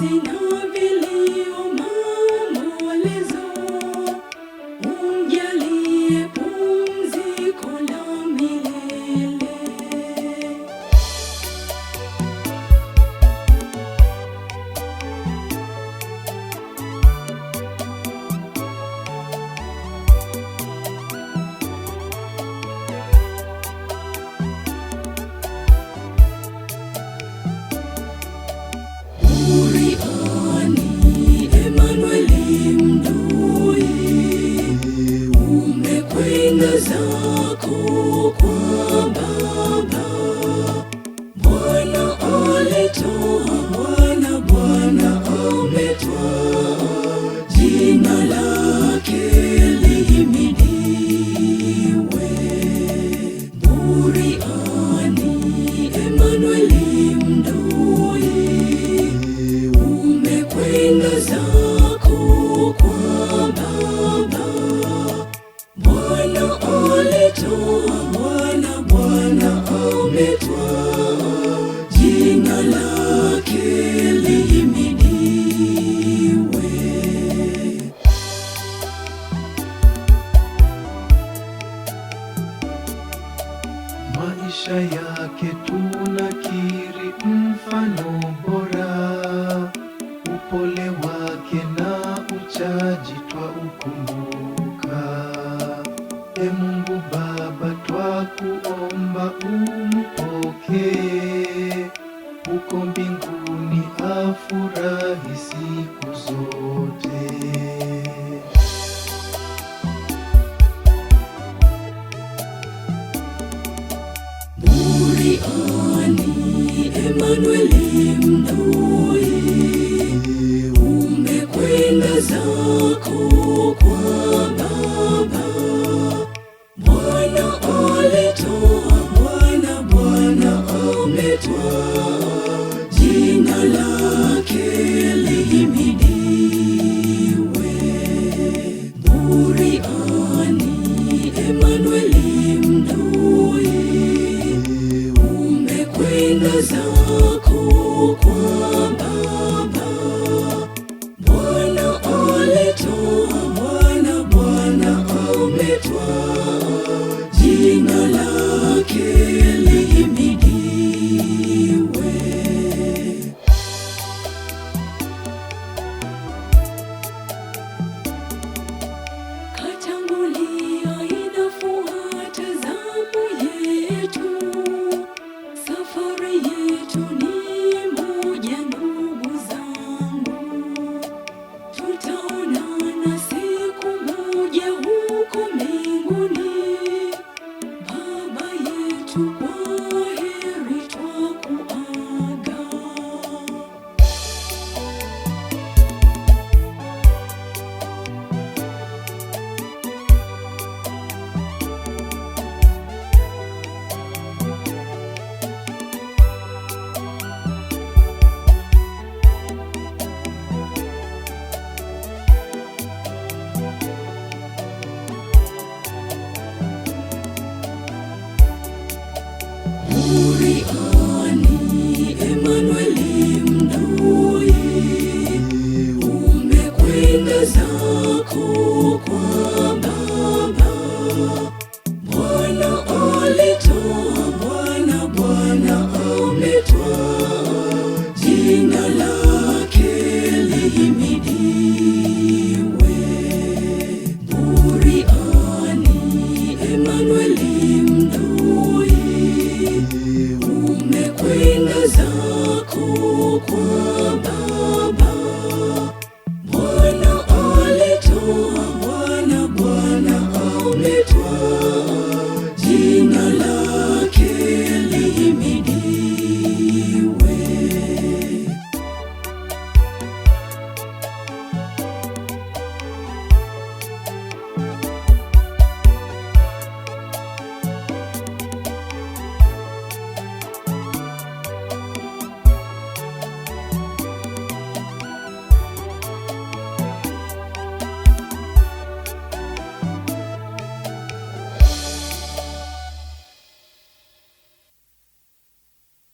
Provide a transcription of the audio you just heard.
sing. maisha yake tunakiri mfano bora, upole wake na uchaji ukumbuka. E Mungu Baba, twakuomba umpokee huko mbinguni, afurahi siku zote. no zako kwa Baba. Manuelito.